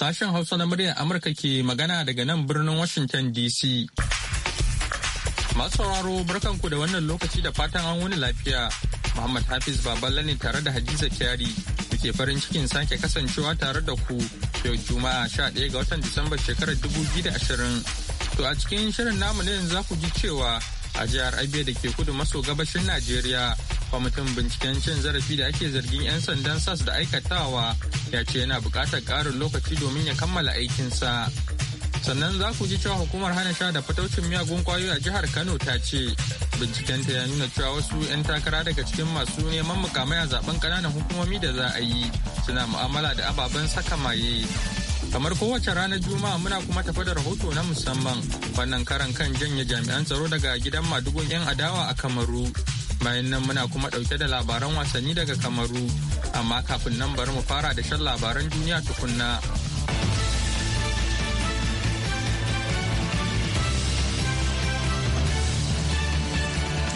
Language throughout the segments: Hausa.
Sashen Hausa na muryar Amurka ke magana daga nan birnin Washington DC. Masu sauraro barkanku da wannan lokaci da fatan an wani lafiya. Muhammad Hafiz Baballa ne tare da Hadiza Kyari muke farin cikin sake kasancewa tare da ku yau Juma'a sha 11 ga watan Disamba shekarar 2020. To a cikin shirin namu ne yanzu za ku ji cewa a jihar abia da ke kudu maso gabashin najeriya kwamitin binciken cin zarafi da ake zargin 'yan sandan sas da aikatawa ya ce yana buƙatar ƙarin lokaci domin ya kammala aikinsa sannan za ku ji cewa hukumar hana sha da fataucin miyagun kwayoyi a jihar kano ta ce bincikenta ya nuna cewa wasu 'yan takara daga cikin masu neman mukamai a zaben ƙananan hukumomi da za a yi suna mu'amala da ababen saka maye Kamar kowace ranar Juma'a muna kuma tafa da rahoto na musamman wannan karan kan janye jami'an tsaro daga gidan madugun 'yan adawa a Kamaru. Bayan nan muna kuma ɗauke da labaran wasanni daga Kamaru. Amma kafin nan bari mu fara da shan labaran duniya tukunna.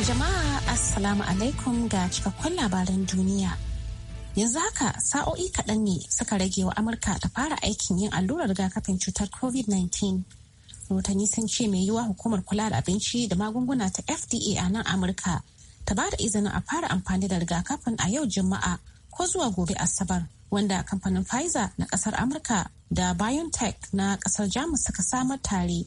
Jama'a Assalamu alaikum ga cikakkun labaran duniya. yanzu haka sa'o'i kaɗan ne suka rage wa amurka ta fara aikin yin allurar rigakafin cutar covid-19 rotani sun ce mai yiwa hukumar kula da abinci da magunguna ta fda a nan amurka ta ba da izinin a fara amfani da rigakafin a yau juma'a ko zuwa gobe asabar wanda kamfanin pfizer na kasar amurka da biontech na kasar jamus suka samar tare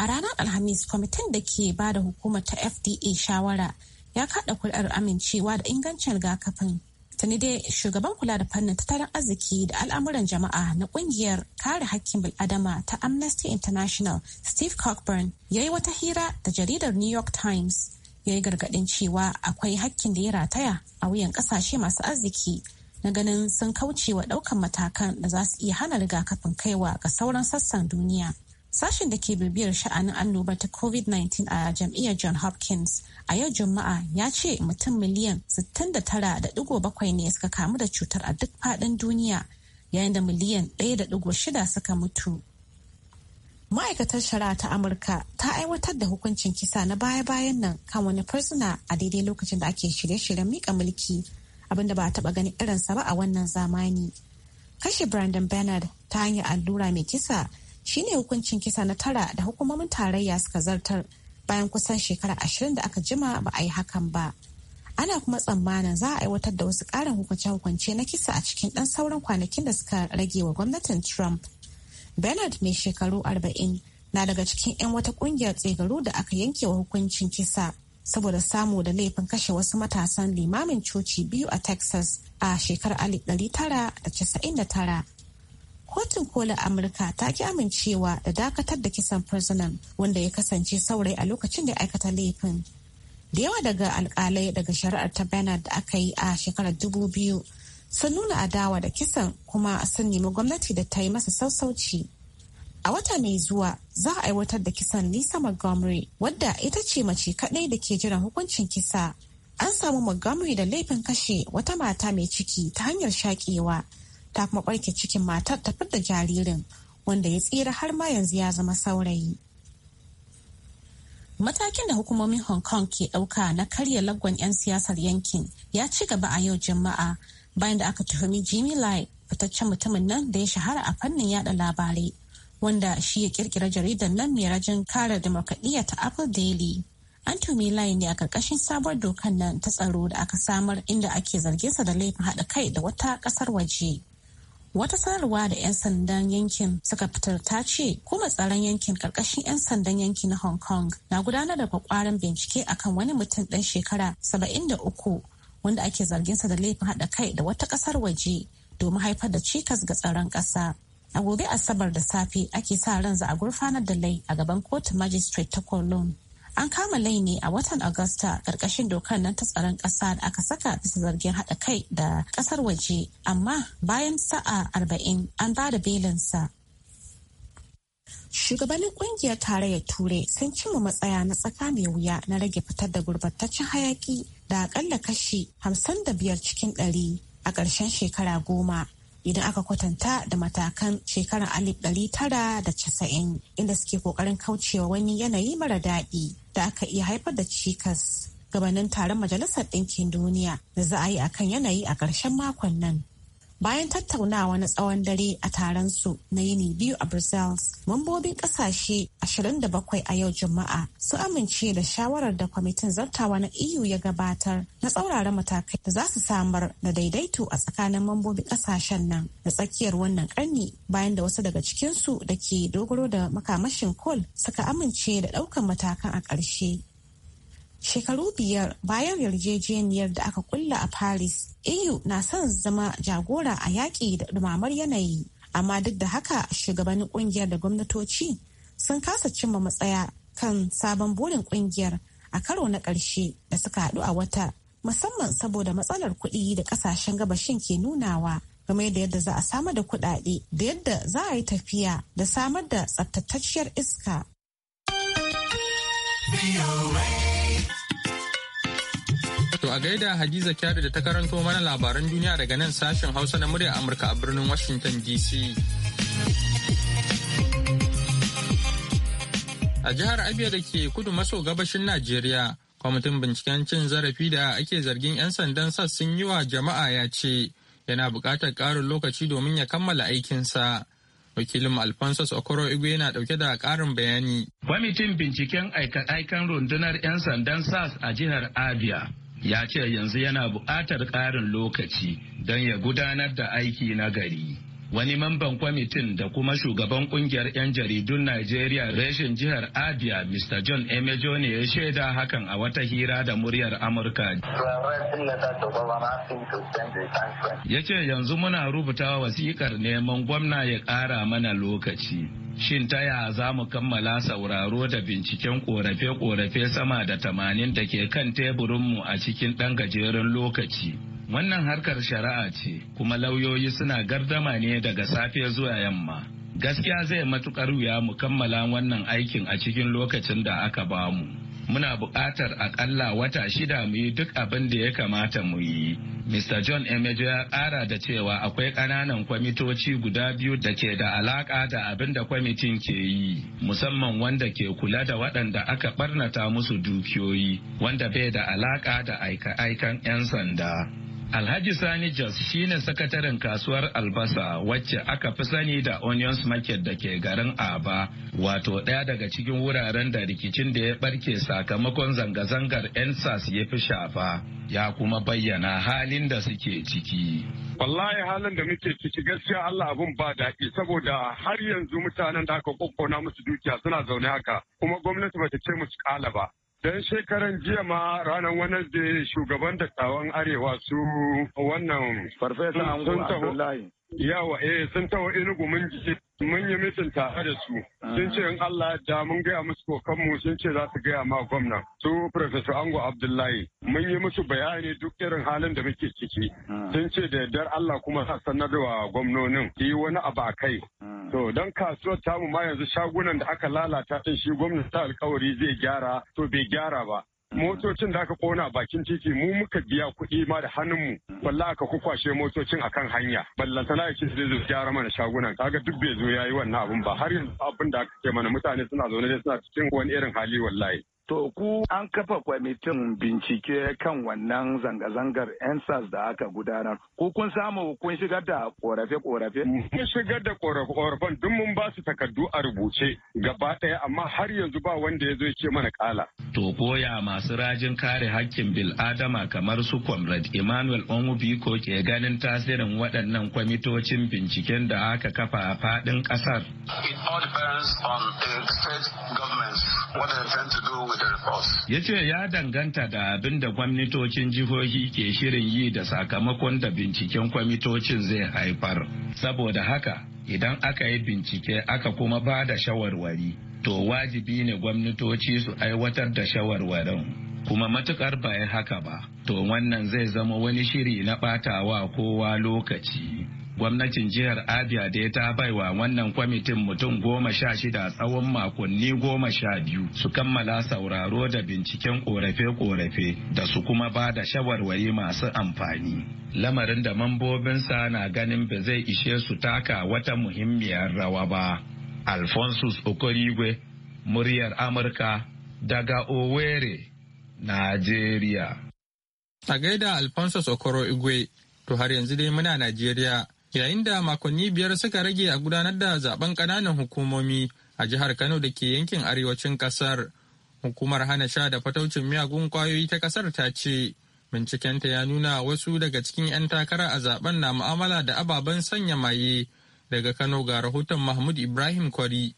a ranar alhamis kwamitin da ke ba da hukumar ta fda shawara ya kada kuri'ar amincewa da ingancin rigakafin tuni dai shugaban kula da fannin tattalin arziki da al'amuran jama'a na kungiyar kare hakkin bil'adama ta amnesty international steve cockburn ya yi wata hira da jaridar new york times ya yi gargaɗin cewa akwai hakkin da ya rataya a wuyan ƙasashe masu arziki na ganin sun kauce wa ɗaukan matakan da za su iya hana rigakafin kaiwa ga sauran sassan duniya Sashen da ke bibiyar sha'anin annobar ta COVID-19 a jam'iyyar John Hopkins a yau Juma'a ya ce mutum miliyan 69.7 ne suka kamu da cutar a duk faɗin duniya yayin da miliyan 1.6 suka mutu. Ma'aikatar shari'a ta Amurka ta aiwatar da hukuncin kisa na baya-bayan nan kan wani fursuna a daidai lokacin da ake shirye-shiryen mika mulki abinda ba a taɓa ganin irinsa ba a wannan zamani. Kashe Brandon Bernard ta hanyar allura mai kisa shine hukuncin kisa na tara da hukumomin tarayya suka zartar bayan kusan shekara ashirin da aka jima ba a yi hakan ba ana kuma tsammanin za a aiwatar da wasu ƙarin hukunce-hukunce na kisa a cikin ɗan sauran kwanakin da suka rage wa gwamnatin trump bernard mai shekaru arba'in na daga cikin 'yan wata ƙungiyar tsegaru da aka yanke wa hukuncin kisa saboda samu da laifin kashe wasu matasan limamin coci biyu a texas a shekarar 1999 kotun kolin amurka ta ki amincewa da dakatar da kisan prisoner wanda ya kasance saurayi a lokacin da aikata laifin da yawa daga alkalai daga shari'ar ta bernard da aka yi a shekarar dubu biyu sun nuna adawa da kisan kuma sun nemi gwamnati da ta yi masa sassauci a wata mai zuwa za a aiwatar da kisan lisa montgomery wadda ita ce mace kaɗai da ke jiran hukuncin kisa an samu montgomery da laifin kashe wata mata mai ciki ta hanyar shaƙewa ta kuma barke cikin matar ta da jaririn wanda ya tsira har ma yanzu ya zama saurayi. Matakin da hukumomin Hong Kong ke ɗauka na karya lagwan 'yan siyasar yankin ya ci gaba a yau Juma'a bayan da aka tuhumi Jimmy Lai fitaccen mutumin nan da ya shahara a fannin yada labarai wanda shi ya kirkira jaridar nan mai rajin kare demokradiyya ta Apple Daily. An tumi Lai ne a karkashin sabuwar dokan nan ta tsaro da aka samar inda ake zarge sa da laifin haɗa kai da wata ƙasar waje. Wata sanarwa da 'yan sandan yankin suka fitar ta ce kuma tsaron yankin karkashin 'yan sandan yankin na Hong Kong na gudanar da kwakwaran bincike akan wani mutum ɗan shekara 73 wanda ake zarginsa da laifin haɗa kai da wata ƙasar waje domin haifar da cikas ga tsaron ƙasa. A gobe Asabar da safe ake sa ran za a gurfanar da lai a gaban kotu magistrate ta Cologne an kama ne a watan agusta karkashin dokar nan ta tsaron kasa da aka saka bisa zargin haɗa kai da ƙasar waje amma bayan sa'a arba'in an ba da belinsa shugabannin kungiyar tarayyar turai sun cimma matsaya na tsaka mai wuya na rage fitar da gurbataccen hayaki da akalla kashi 55 cikin 100 a ƙarshen shekara goma idan aka kwatanta da matakan shekarar 1990 inda suke kokarin kaucewa wani yanayi mara daɗi da aka iya haifar da cikas gabanin taron majalisar ɗinkin duniya da za a yi akan yanayi a ƙarshen makon nan bayan tattaunawa na tsawon dare a taron su na yini biyu a brussels mambobin kasashe 27 a yau juma'a su amince da shawarar da kwamitin zartawa na eu ya gabatar na tsauraran matakai da za su samar da daidaito a tsakanin mambobin kasashen nan da tsakiyar wannan karni bayan da wasu daga cikinsu da ke dogaro da makamashin kol suka amince da ɗaukan matakan a ƙarshe Shekaru biyar bayan yarjejeniyar da aka kulla a Paris, EU na son zama jagora a yaƙi da ɗumamar yanayi. Amma duk da haka shugabannin ƙungiyar da gwamnatoci sun kasa cimma matsaya kan sabon burin ƙungiyar a karo na ƙarshe da suka haɗu a wata musamman saboda matsalar kuɗi da ƙasashen gabashin ke nunawa game da yadda za a samar da kuɗaɗe da yadda za a yi tafiya da samar da tsaftatacciyar iska. To a gaida Hadiza Kyari da ta karanto mana labaran duniya daga nan sashen Hausa na murya Amurka a birnin Washington DC. A jihar Abia da ke kudu maso gabashin Najeriya, kwamitin binciken cin zarafi da ake zargin 'yan sandan sas sun yi wa jama'a ya ce yana buƙatar ƙarin lokaci domin ya kammala aikinsa. wakilin alphonsus okoro igwe yana ɗauke da ƙarin bayani kwamitin binciken aika-aikan rundunar 'yan sandan sas a jihar abia ya ce yanzu yana buƙatar ƙarin lokaci don ya gudanar da aiki na gari. Wani mamban kwamitin da kuma shugaban kungiyar 'yan jaridun Najeriya reshen jihar Abia Mr. John Emejo ne ya shaida hakan a wata hira da muryar Amurka. Ya ce yanzu muna rubuta wasikar neman gwamna ya ƙara mana lokaci. Shin ta ya za mu kammala sauraro da binciken korafe-korafe sama da tamanin da ke kan teburinmu a cikin ɗan gajeren lokaci? Wannan harkar shari'a ce, kuma lauyoyi suna gardama ne daga safe zuwa yamma. Gaskiya zai matuƙar wuya mu kammala wannan aikin a cikin lokacin da aka bamu. muna buƙatar akalla wata shida mu yi duk abin da ya kamata mu yi. Mr. John Emejo ya ƙara da cewa akwai ƙananan kwamitoci guda biyu da ke da alaƙa da abin da kwamitin ke yi, musamman wanda ke kula da waɗanda aka ɓarnata musu dukiyoyi, wanda bai da alaƙa da aika-aikan 'yan sanda. Alhaji Sani Jos shine sakataren kasuwar albasa wacce aka fi sani da Onions Market da ke garin Aba, wato ɗaya daga cikin wuraren da rikicin da ya ɓarke sakamakon zanga-zangar 'yan ya fi shafa. Ya kuma bayyana halin da suke ciki. Wallahi halin da muke ciki gaskiya Allah abun ba daɗi saboda har yanzu mutanen da aka kokkona musu dukiya suna zaune haka kuma gwamnati bata ce musu ƙala ba. Dan shekaran jiya ma ranar Wednesday shugaban dattawan Arewa su wannan Farfesa Abdullahi. Yawa eh sun taho inugu mun ji mun yi mitin tare da su. Sun ce in Allah da mun gaya musu mu sun ce za su gaya ma gwamna. Su Professor Ango Abdullahi mun yi musu bayani duk irin halin da muke ciki. Ah. Sun ce da yardar Allah kuma sa sanarwa gwamnonin yi wani abu a kai. Ah. To don kasuwar tamu ma yanzu shagunan da aka lalata din shi gwamnati alkawari zai gyara to bai gyara ba. Motocin da aka kona bakin titi mu muka biya kuɗi ma da hannun mu, walla aka kukwashe motocin akan hanya ballantana ya ce zai zo gyara mana shagunan kaga duk bai zo yayi wannan abun ba har yanzu abin da aka ce mana mutane suna zaune ne, suna cikin wani irin hali wallahi. To ku an kafa kwamitin bincike kan wannan zanga-zangar 'yan da aka gudanar. Ku kun samu kun shigar da korafe-korafe? Mun shigar da korafe-korafen duk mun ba su takardu a rubuce gaba ɗaya amma har yanzu ba wanda ya zo ce mana kala. To koya masu rajin kare hakkin bil adama kamar su Comrade Emmanuel Onwubiko ke ganin tasirin waɗannan kwamitocin binciken da aka kafa a faɗin ƙasar. It all depends on the state governments what they intend to do Ya ce ya danganta da abin da gwamnatocin jihohi ke shirin yi da sakamakon da binciken kwamitocin zai haifar. Saboda haka, idan aka yi bincike aka kuma ba da shawarwari, to wajibi ne gwamnatoci su aiwatar da shawarwarin. Kuma matukar ba haka ba, to wannan zai zama wani shiri na ɓatawa kowa lokaci. gwamnatin jihar abia da ta baiwa wannan kwamitin mutum goma sha shida tsawon makonni goma sha biyu su kammala sauraro da binciken korafe-korafe da su kuma ba da shawarwari masu amfani lamarin da mambobinsa na ganin ba zai ishe su taka wata muhimmiyar rawa ba alphonsus okorigwe muryar amurka daga owerri nigeria a gaida alphonsus okoro igwe to har yanzu dai muna nigeria yayin da makonni biyar suka rage a gudanar da zaben kananan hukumomi a jihar kano da ke yankin arewacin kasar hukumar hana sha da fataucin miyagun kwayoyi ta kasar ta ce bincikenta ya nuna wasu daga cikin 'yan takara a zaben na mu'amala da ababen sanya maye daga kano ga rahoton mahmud ibrahim kwari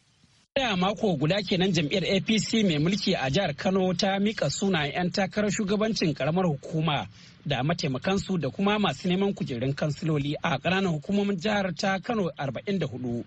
da mako guda kenan jam'iyyar apc mai mulki a jihar kano ta mika sunayen 'yan takarar shugabancin karamar hukuma da mataimakansu da kuma masu neman kujerun kansiloli a ƙananan hukumomin jihar ta kano 44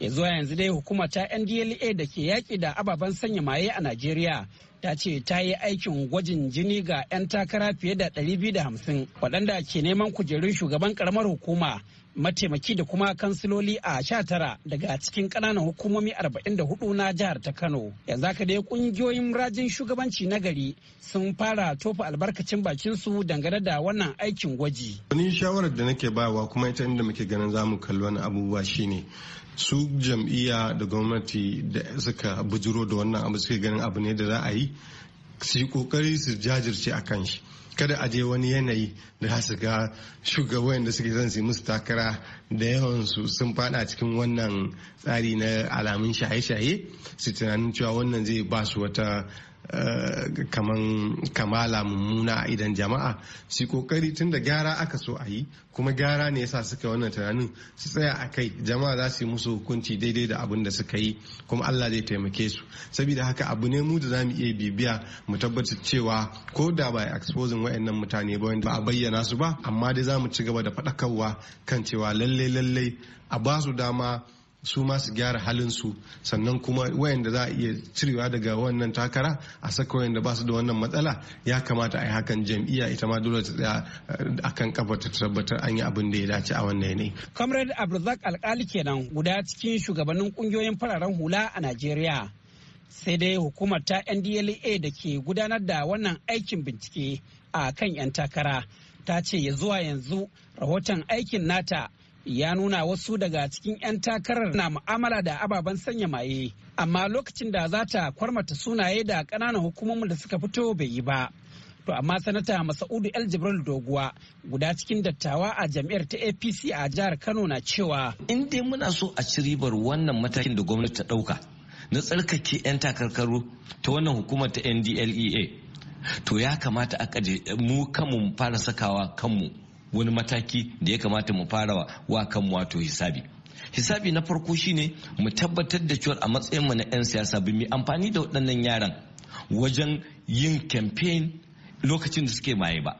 ya zuwa yanzu dai hukuma ta ndla da ke yaƙi da ababen sanya maye a najeriya ta ce ta yi aikin gwajin jini ga 'yan takara fiye da 250 waɗanda ke neman kujerun shugaban karamar hukuma mataimaki da kuma kansiloli a 19 daga cikin ƙananan hukumomi 44 na jihar ta kano yanzu haka dai ƙungiyoyin rajin shugabanci na gari sun fara tofa albarkacin bakin dangane da wannan aikin gwaji wani shawarar da nake bawa kuma ita inda muke ganin zamu kalli wani abubuwa shine su jam'iyya da gwamnati da suka bujiro da wannan abu suke ganin abu ne da za a yi su yi kokari su jajirce a kan shi kada a je wani yanayi da za su ga shugaban da suke zan su musu takara da yawan su sun fada cikin wannan tsari na alamun shaye-shaye su tunanin cewa wannan zai ba su wata Eh, kaman kamala mummuna a idan jama'a su kokari tun da gyara aka so a yi kuma gyara ne yasa suka yi wannan tunanin su tsaya a kai jama'a za su yi musu hukunci daidai da abin da suka yi kuma Allah zai taimake su saboda haka abu ne mu da zamu iya bibiya mu tabbatar cewa ko da ba exposing wa'annan mutane ba wanda ba a bayyana su ba amma dai zamu ci gaba da faɗakarwa kan cewa lallai lallai a ba su dama su masu su gyara su sannan kuma wayanda za a iya cirewa daga wannan takara a saka wayanda ba su da wannan matsala ya kamata a yi hakan jam'iyya ita ma dole ta tsaya eh, a kan kafa ta tabbatar an yi abin da ya dace a wannan yanayi. comrade abdulzak alkali kenan guda cikin shugabannin kungiyoyin fararen hula a najeriya sai dai hukumar ta ndla da ke gudanar da wannan aikin bincike a kan 'yan takara ta ce ya zuwa yanzu rahoton aikin nata ya nuna wasu daga cikin 'yan takarar na mu'amala da ababen sanya maye amma lokacin da za ta kwarmata sunaye da ƙananan hukumomin da suka fito bai yi ba to amma sanata masaudu el jibril doguwa guda cikin dattawa a jam'iyyar ta apc a jihar kano na cewa in dai muna so a ci ribar wannan matakin da gwamnati ta ɗauka na tsarkake 'yan takarkaru ta wannan hukumar ta ndlea to ya kamata a mu kanmu fara sakawa kanmu wani mataki da ya kamata mu fara wa kan wato hisabi hisabi na farko shine mu tabbatar da cewa a matsayinmu na 'yan siyasa bi mu amfani da waɗannan yaran wajen yin campaign lokacin da suke maye ba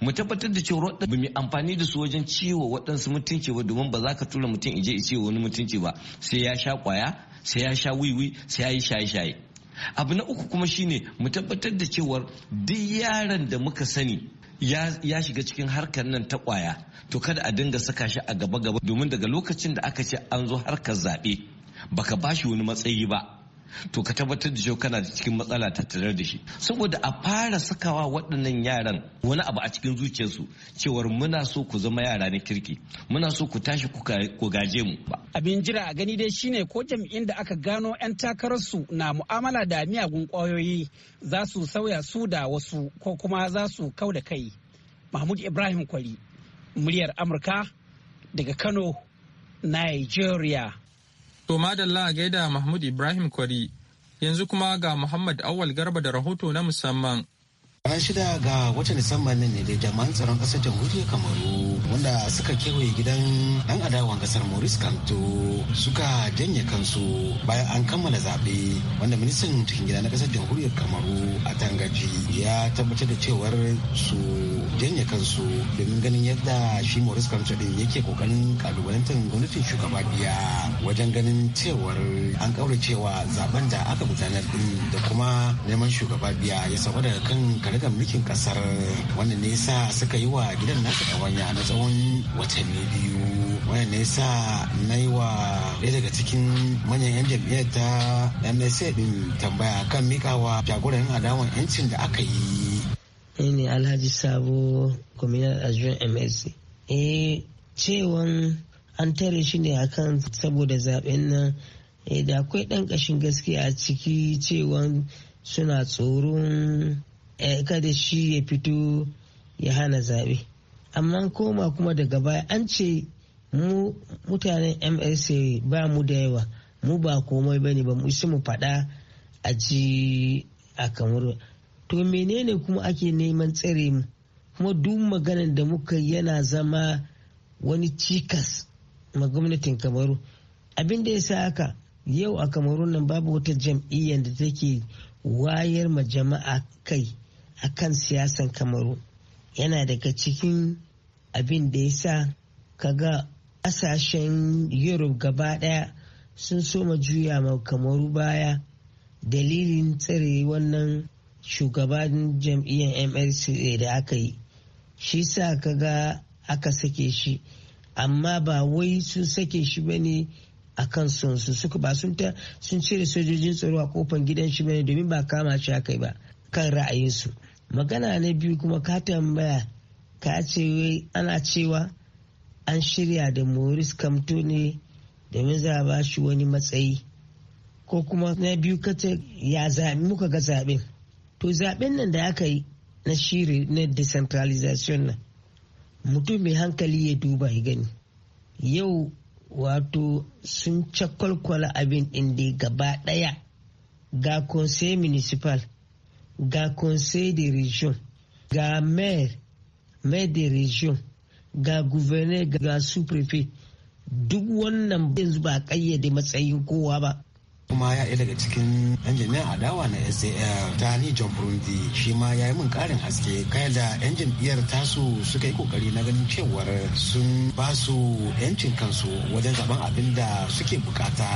mu tabbatar da cewa wadda mu amfani da su wajen ciwo waɗansu mutunci ba domin ba za ka tura mutum ije ice wani mutunci ba sai ya sha kwaya sai ya sha wiwi sai ya yi shaye-shaye abu na uku kuma shine mu tabbatar da cewar duk yaran da muka sani ya shiga cikin harkar nan ta kwaya to kada a dinga saka shi a gaba gaba domin daga lokacin da aka ce an zo harkar zaɓe baka bashi wani matsayi ba to ka tabbatar da shi kana cikin matsala tarar da shi saboda a fara sakawa waɗannan yaran wani abu a cikin zuciyarsu cewar muna so ku zama yara na kirki muna so ku tashi ku gaje mu abin jira a gani dai shine ko jam'in da aka gano 'yan takararsu na mu'amala da miyagun ƙwayoyi za su sauya su da wasu ko kuma za su kau da kai mahmud ibrahim kwari muryar amurka daga kano nigeria To madalla a gaida Mahmud Ibrahim Kwari yanzu kuma ga Muhammad Awal Garba da rahoto na musamman. Ran shida ga watan Disamba nan ne da jama'an tsaron ƙasar jamhuriyar Kamaru wanda suka kewaye gidan ɗan adawan ƙasar Maurice Kanto suka janye kansu bayan an kammala zaɓe wanda ministan cikin gida na ƙasar jamhuriyar Kamaru a Tangaji ya tabbatar da cewar su janye kansu domin ganin yadda shi Maurice Kamto din yake kokarin kalubalantar gwamnatin shugaba biya wajen ganin cewar an kaura cewa zaben da aka gudanar din da kuma neman shugaba biya ya sauka daga kan karagar mulkin kasar wannan ne yasa suka yi wa gidan nasa kawanya na tsawon watanni biyu wannan ne yasa na yi wa ɗaya daga cikin manyan 'yan jam'iyyar ta MSA din tambaya kan mikawa jagoran adawan 'yancin da aka yi ni ne alhaji sabo communal adjoint msc eh cewan an tare shi ne akan saboda zaben nan eh, da akwai ɗan ƙashin gaskiya a ciki cewan suna tsoron eh, kada shi ya fito ya hana zaɓe amma koma kuma daga baya an ce mu mutanen msc ba mu da yawa mu ba komai bane ba mu isi mu faɗa a ji a kamar to menene kuma ake neman tsare mu kuma duk maganar da muka yana zama wani cikas ma gwamnatin kamaru abin da ya sa haka yau a kamaru nan babu wata jam'iyyar da take wayar ma jama'a kai a kan siyasan kamaru yana daga cikin abin da ya sa kaga ƙasashen europe gaba ɗaya sun so ma juya ma kamaru baya dalilin tsare wannan shugaban jam'iyyar mlc da aka yi shi sa kaga aka sake shi amma ba wai sun sake shi ba ne a kan sonsu suka ba sun ta sun cire sojojin tsaro a kofan gidan shi bane domin ba kama shi aka yi ba kan ra'ayinsu magana na biyu kuma ka tambaya ka ce wai ana cewa an shirya da moris kamto ne domin za a ba shi wani matsayi ko kuma na biyu kace ya zaɓi muka ga zaɓen to zaben nan da aka yi na shiri na decentralization nan mutum mai hankali ya duba ya gani yau wato sun cakwalkwala abin ɗin da gaba ɗaya ga conseil municipal ga conseil de region ga maire maire de region ga gouverneur ga sous-prefet duk wannan yanzu ba kayyade matsayin kowa ba kuma ya daga cikin yan adawa na SAF ta ni John Burundi shi ma ya yi min karin haske kai da yan jam'iyyar tasu suka yi kokari na ganin cewar sun ba su yancin kansu wajen zaben abin da suke bukata.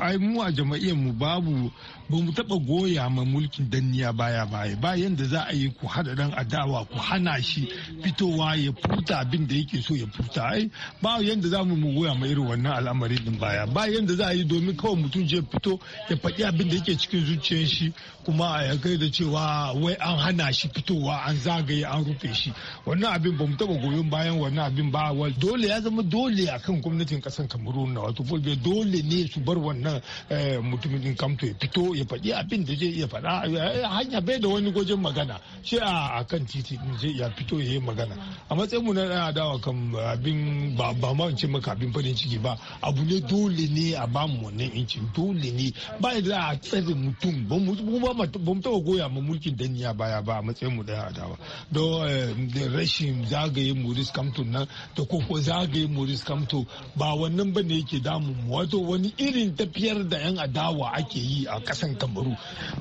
ai mu a jama'iyyar mu babu ba mu taba goya ma mulkin danniya baya baya ba yanda za a yi ku hada dan adawa ku hana shi fitowa ya furta abin da yake so ya furta ai ba yanda za mu goya ma irin wannan al'amarin din baya ba yanda za a yi domin kawai mutum je fito ya faɗi abin da yake cikin zuciyar shi kuma a kai da cewa wai an hana shi fitowa an zagaye an rufe shi wannan abin ba mu taɓa goyon bayan wannan abin ba dole ya zama dole akan gwamnatin ƙasar kamarun na wato fulbe dole ne su bar wannan eh, mutumin din kamto ya fito ya faɗi abin da zai iya faɗa eh, eh, hanya bai da wani gwajin magana shi a kan titi zai iya fito ya yi magana a matsayin mu na ɗan adawa kan abin ba ma in ce maka abin farin ciki ba abu ne dole ne a bamu wannan incin dole ni ba da a tsare mutum ba mu taɓa goya ma mulkin daniya baya ba a matsayin mu ɗaya adawa eh, da rashin zagaye maurice kamto nan da koko zagaye maurice kamto ba wannan ba ne yake damun mu wato wani irin tafiyar da yan adawa ake yi a kasan kamaru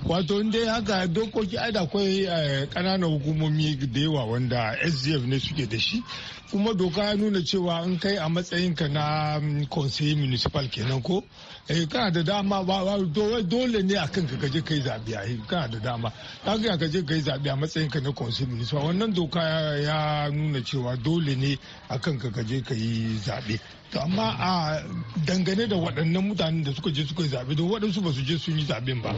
wato inda haka dokoki ai da akwai kananan eh, hukumomi da yawa wanda sdf ne suke da shi kuma doka ya nuna cewa in kai a matsayinka na mm, conseil municipal kenan ko eh, kana da dama dole ne a kanka kaje kai zaɓe a yi kana da dama ta ga kaje kai zaɓe a matsayin ka na consumer wannan doka ya nuna cewa dole ne a kanka kaje ka yi zaɓe to amma a dangane da waɗannan mutanen da suka je suka yi zaɓe don waɗansu ba su je sun yi zaɓen ba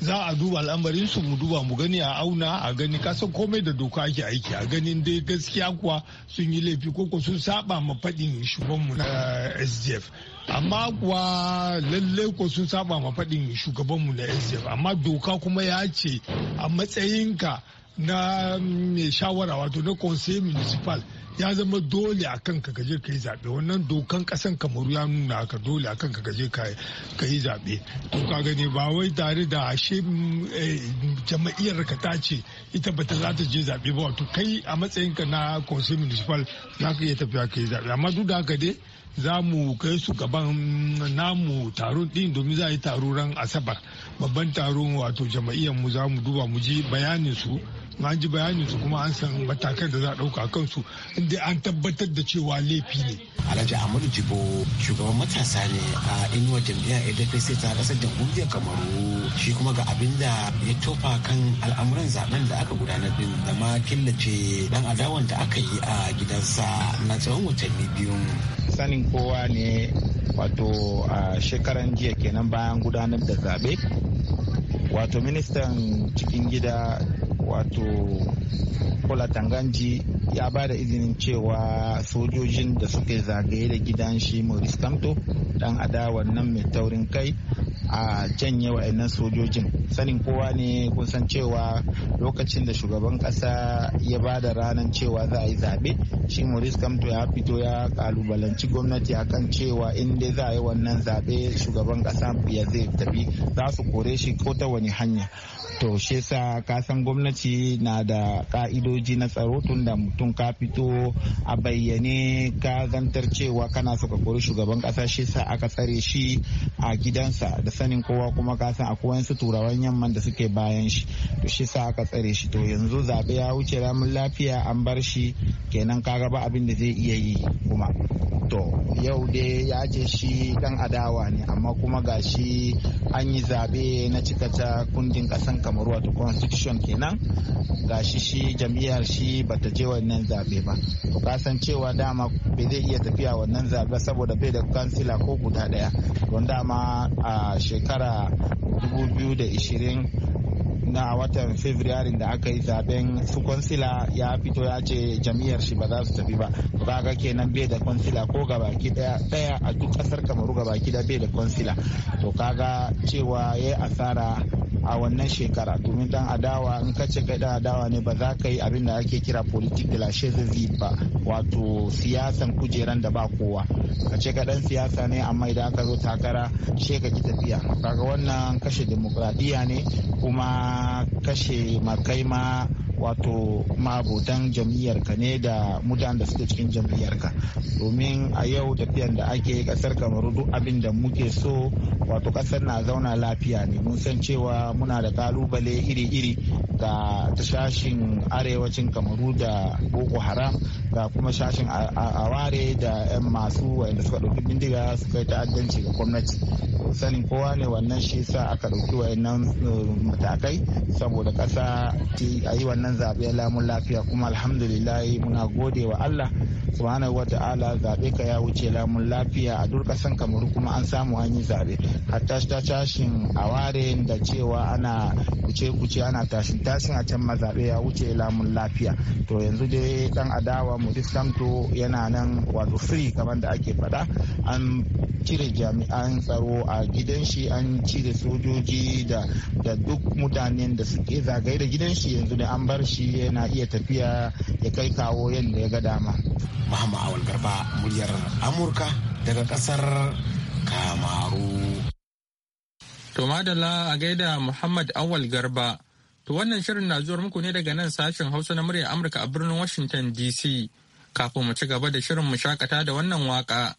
za a duba al'amarin su mu duba mu gani a auna a gani kasan komai da doka ake aiki a ganin dai gaskiya kuwa sun yi laifi ko ko sun saba ma faɗin shugabanmu na eh, sdf amma kuwa lalle ko sun saba ma faɗin shugabanmu na sdf amma doka kuma ya ce a matsayinka na mm, mai shawara wato na conseil municipal ya zama dole a kanka ka ka yi zaɓe wannan dokan ƙasan kamaru ya nuna haka dole a kanka ka ka yi zaɓe to ka gani ba wai tare da ashe eh, jama'iyyar ka ta ce ita bata ta za ta je zaɓe ba wato kai a matsayinka na consul municipal za ka iya tafiya ka yi zaɓe amma duk da haka dai za mu kai su gaban namu taron din domin za a yi taro ran asabar babban taron wato jama'iyyar mu za mu duba mu ji bayanin su an ji bayanin su kuma an san matakan da za a ɗauka kansu inda an tabbatar da cewa laifi ne. Alhaji Ahmadu Jibo shugaban matasa ne a inuwar jam'iyyar sai ta ƙasar jamhuriyar Kamaru shi kuma ga abin da ya tofa kan al'amuran zaben da aka gudanar din da ma killace dan adawan da aka yi a gidansa na tsawon watanni biyu. Sanin kowa ne wato a shekaran jiya kenan bayan gudanar da zaɓe wato ministan cikin gida wato olatanganji ya ba da izinin cewa sojojin da suke zagaye da gidan shi maurice kamto dan adawar nan mai taurin kai a janye wa'annan sojojin sanin kowa ne kun san cewa lokacin da shugaban kasa ya ba da ranar cewa za a yi zaɓe shi maurice kamto ya fito ya kalubalanci gwamnati akan cewa in dai za a yi wannan zaɓe shugaban kasa ya zai tafi za su kore shi ko ta wani hanya to shi sa kasan gwamnati gwamnati na da ka'idoji na tsaro tun da mutum ka fito a bayyane ka zantar cewa kana saka kori shugaban kasa shi sa aka tsare shi a gidansa da sanin kowa kuma ka san akwai wasu turawan yamman da suke bayan shi to shi sa aka tsare shi to yanzu zabe ya wuce ramin lafiya an bar shi kenan ka gaba abin da zai iya yi kuma to yau dai ya je shi dan adawa ne amma kuma gashi an yi zabe na cikata kundin kasan kamaru wato constitution kenan gashi shi jam'iyyar shi bata je wannan zabe ba to kasan cewa dama bai zai iya tafiya wannan zabe saboda bai da kansila ko guda daya don dama a shekara 2020 a watan february da aka yi zaben su kwansila ya fito ya ce jam'iyyar shi ba za su tafi ba kaga kenan bai da kwansila ko gabaki daya daya a duk kasar kamaru gabaki da bai da kwansila to kaga cewa ya asara a wannan shekara domin dan adawa in ka ce kai dan adawa ne ba za ka yi abin da ake kira politik de la chaise ba wato siyasan kujeran da ba kowa ka ce ka dan siyasa ne amma idan aka zo takara she ka tafiya kaga wannan kashe demokradiyya ne kuma na kashe makaima wato jam'iyyar jam'iyyarka ne da mutanen da suke cikin jam'iyyarka domin a yau tafiyan da ake kasar kamaru duk abin da muke so wato kasar na zauna lafiya ne mun san cewa muna da kalubale iri-iri ga ta sashin arewacin kamaru da boko haram ga kuma shashin aware da 'yan masu wanda suka ɗauki bindiga suka yi ta'addanci ga gwamnati sanin kowa ne wannan shi sa aka ɗauki wayannan eh, matakai saboda ƙasa a yi wannan zaɓe lamun lafiya kuma alhamdulillah muna gode wa allah subhanahu wa ta'ala zaɓe ka ya wuce lamun lafiya a duk ƙasan kamaru kuma an samu an yi zaɓe hatta ta tashin aware da cewa ana kuce-kuce ana tashin tashin a can mazaɓe ya wuce lamun lafiya to yanzu dai dan adawa mu kamto yana nan wato free kamar da ake faɗa an cire jami'an tsaro a gidan shi an cire sojoji da duk mutanen da suke zagaye da gidan shi yanzu da an bar shi yana iya tafiya ya kai kawo yadda ya ga dama. Muhammad Awal Garba muryar Amurka daga kasar Kamaru. To madalla a gaida Muhammad Awal Garba To wannan shirin na zuwar muku ne daga nan sashen Hausa na murya Amurka a birnin Washington DC. Kafin mu ci gaba da shirin mu shakata da wannan waka.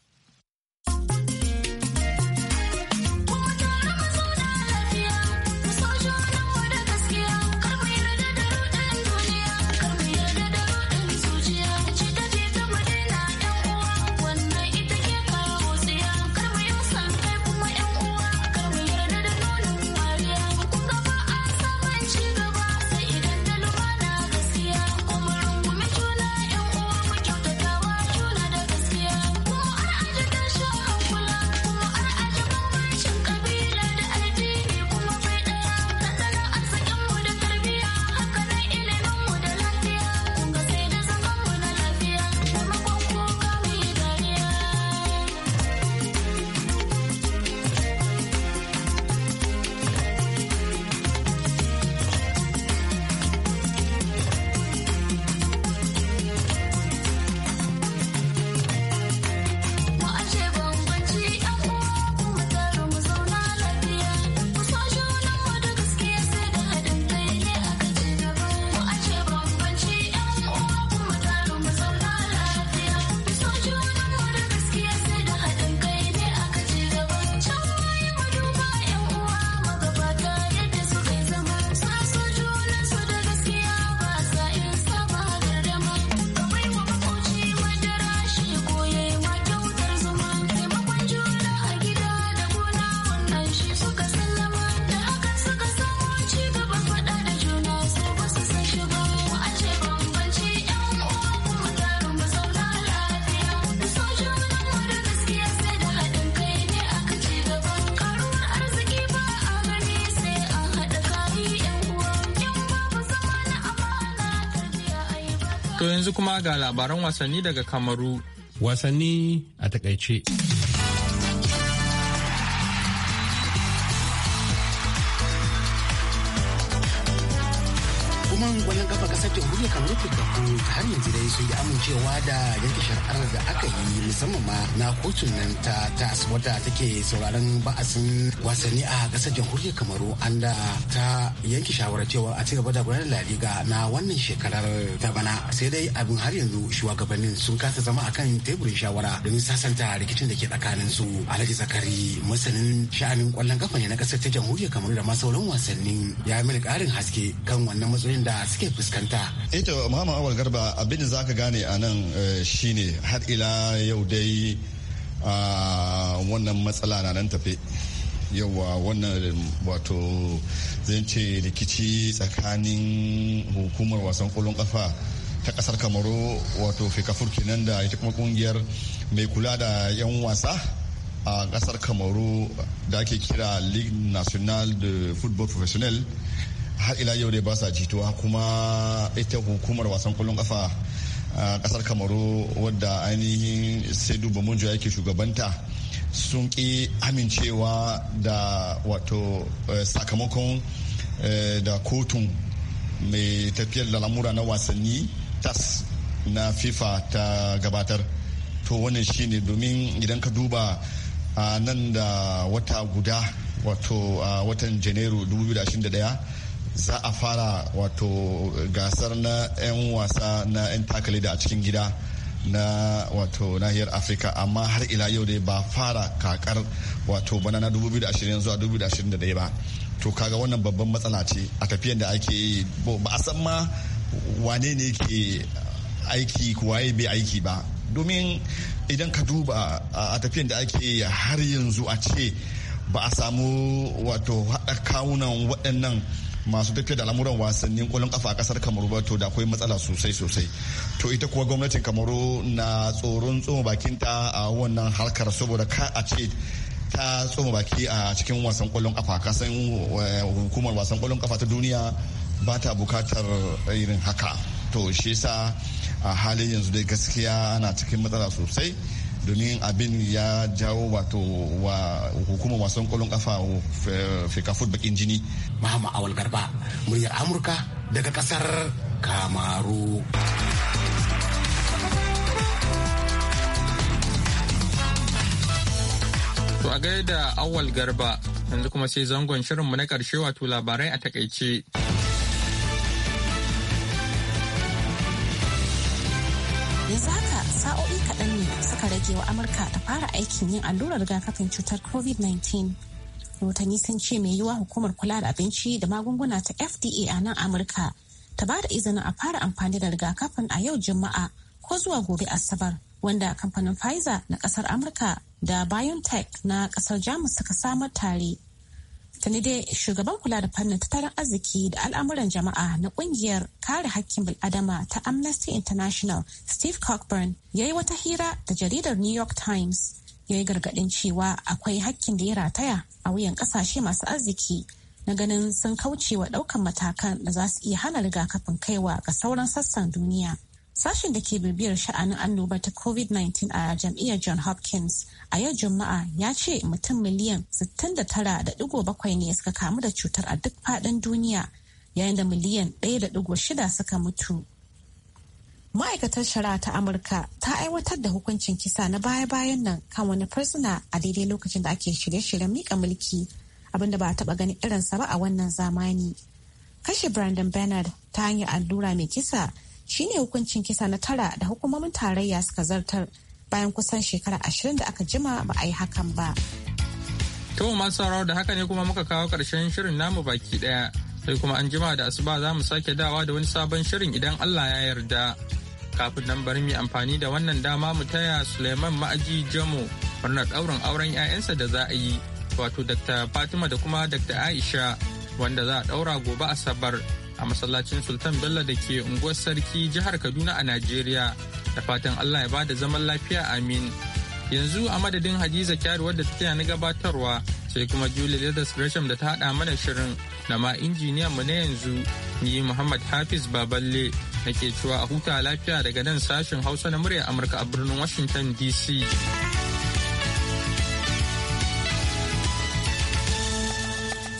Yanzu kuma ga labaran wasanni daga Kamaru. Wasanni a takaice. jamhuriyar kamar ke ta har yanzu dai sun yi amincewa da yanke shari'ar da aka yi musamman ma na kotun nan ta tas wadda take sauraron ba'asin wasanni a kasar jamhuriyar kamaru an da ta yanke shawara cewa a cigaba da gudanar da liga na wannan shekarar ta bana sai dai abin har yanzu shugabannin sun kasa zama a kan teburin shawara domin sasanta rikicin da ke tsakanin su alhaji zakari masanin sha'anin kwallon kafa ne na kasar ta jamhuriyar kamaru da ma sauran wasannin ya mini karin haske kan wannan matsayin da suke fuskanta ita eh mama awal garba abin da za ka gane a nan eh, shine har ila yau dai ah, wannan matsala na nan tafe yawa wannan wato zan ce rikici tsakanin hukumar wasan kolon kafa ta kasar kamaru wato fikafur kenan da ita kuma kungiyar mai kula da 'yan wasa a kasar kamaru da ake kira league national de football professionnel har ila yau dai ba sa jituwa kuma ita hukumar wasan kwallon kafa a kasar kamaru wadda ainihin sai duba munjo yake shugabanta sun ki amincewa da wato eh, sakamakon eh, da kotun mai tafiyar da lamura na wasanni tas na fifa ta gabatar to wannan shine domin idan ka duba nan da wata guda wato watan janairu 2021 za a fara wato gasar na 'yan wasa na 'yan takalida a cikin gida na wato nahiyar afirka amma har ila yau dai ba fara kakar wato bana na 2020 zuwa 2021 ba to kaga wannan babban matsala ce a tafiyan da ake yi ba a san ma wane ne ke aiki kuwaye bai aiki ba domin idan ka duba a tafiyan da ake har yanzu a ce ba a samu wato haɗa kawunan waɗannan masu tafiya da lamuran wasannin kwallon kafa a kasar kamaru ba to da akwai matsala sosai sosai to ita kuwa gwamnatin kamaru na tsoron tsoma bakin ta a wannan harkar saboda ka a ce ta tsoma baki a cikin wasan kwallon kafa kasan eh, hukumar wasan kwallon kafa ta duniya ba ta bukatar irin haka to shi yasa a halin yanzu dai gaskiya ana cikin matsala sosai domin abin ya jawo wato wa hukumar wasan kwallon kafa eh, fekafut bakin jini mahama awal garba muryar amurka daga kasar kamaru To a gaida awal garba yanzu kuma sai zangon shirinmu na ƙarshe wato labarai a takaice. suka rage wa amurka ta fara aikin yin allurar rigakafin cutar covid-19 rahotanni sun ce mai yiwuwa hukumar kula da abinci da magunguna ta fda a nan amurka ta ba da izinin a fara amfani da rigakafin a yau juma'a ko zuwa gobe asabar wanda kamfanin pfizer na kasar amurka da biontech na kasar jamus suka samar tare tuni dai shugaban kula da fannin tattalin arziki da al'amuran jama'a na kungiyar kare hakkin bil'adama ta amnesty international steve cockburn ya yi wata hira da jaridar new york times ya yi gargaɗin cewa akwai hakkin da ya rataya a wuyan ƙasashe masu arziki na ganin sun kauce wa ɗaukan matakan da za su iya hana rigakafin kaiwa ga sauran sassan duniya Sashen da ke bibiyar sha'anin annoba ta COVID-19 a jam'iyyar John Hopkins a yau Juma'a ya ce mutum miliyan 69.7 ne suka kamu da cutar a duk faɗin duniya yayin da miliyan 1.6 suka mutu. Ma'aikatar shari'a ta Amurka ta aiwatar da hukuncin kisa na baya-bayan nan kan wani fursuna a daidai lokacin da ake shirye-shiryen mika mulki abinda ba a taba ganin irinsa ba a wannan zamani. Kashe Brandon Bernard ta hanyar allura mai kisa shine hukuncin kisa na tara da hukumomin tarayya suka zartar bayan kusan shekara ashirin da aka jima ba a yi hakan ba. To masu sauraro da haka ne kuma muka kawo ƙarshen shirin namu baki ɗaya sai kuma an jima da asuba za mu sake dawa da wani sabon shirin idan Allah ya yarda. Kafin nan bari mu amfani da wannan dama mu taya Suleiman Ma'aji Jamo murnar ɗaurin auren 'ya'yansa da za a yi wato Dr. Fatima da kuma Dr. Aisha wanda za a ɗaura gobe Asabar. a masallacin Sultan Bello da ke unguwar Sarki jihar Kaduna a Najeriya. Da fatan Allah ya bada zaman lafiya amin. Yanzu a madadin Hadiza Kyari wadda ta na gabatarwa sai kuma Julie Leathers Gresham da ta hada mana shirin da ma injiniyan mu na yanzu ni Muhammad Hafiz Baballe nake cewa a huta lafiya daga nan sashen Hausa na murya Amurka a birnin Washington DC.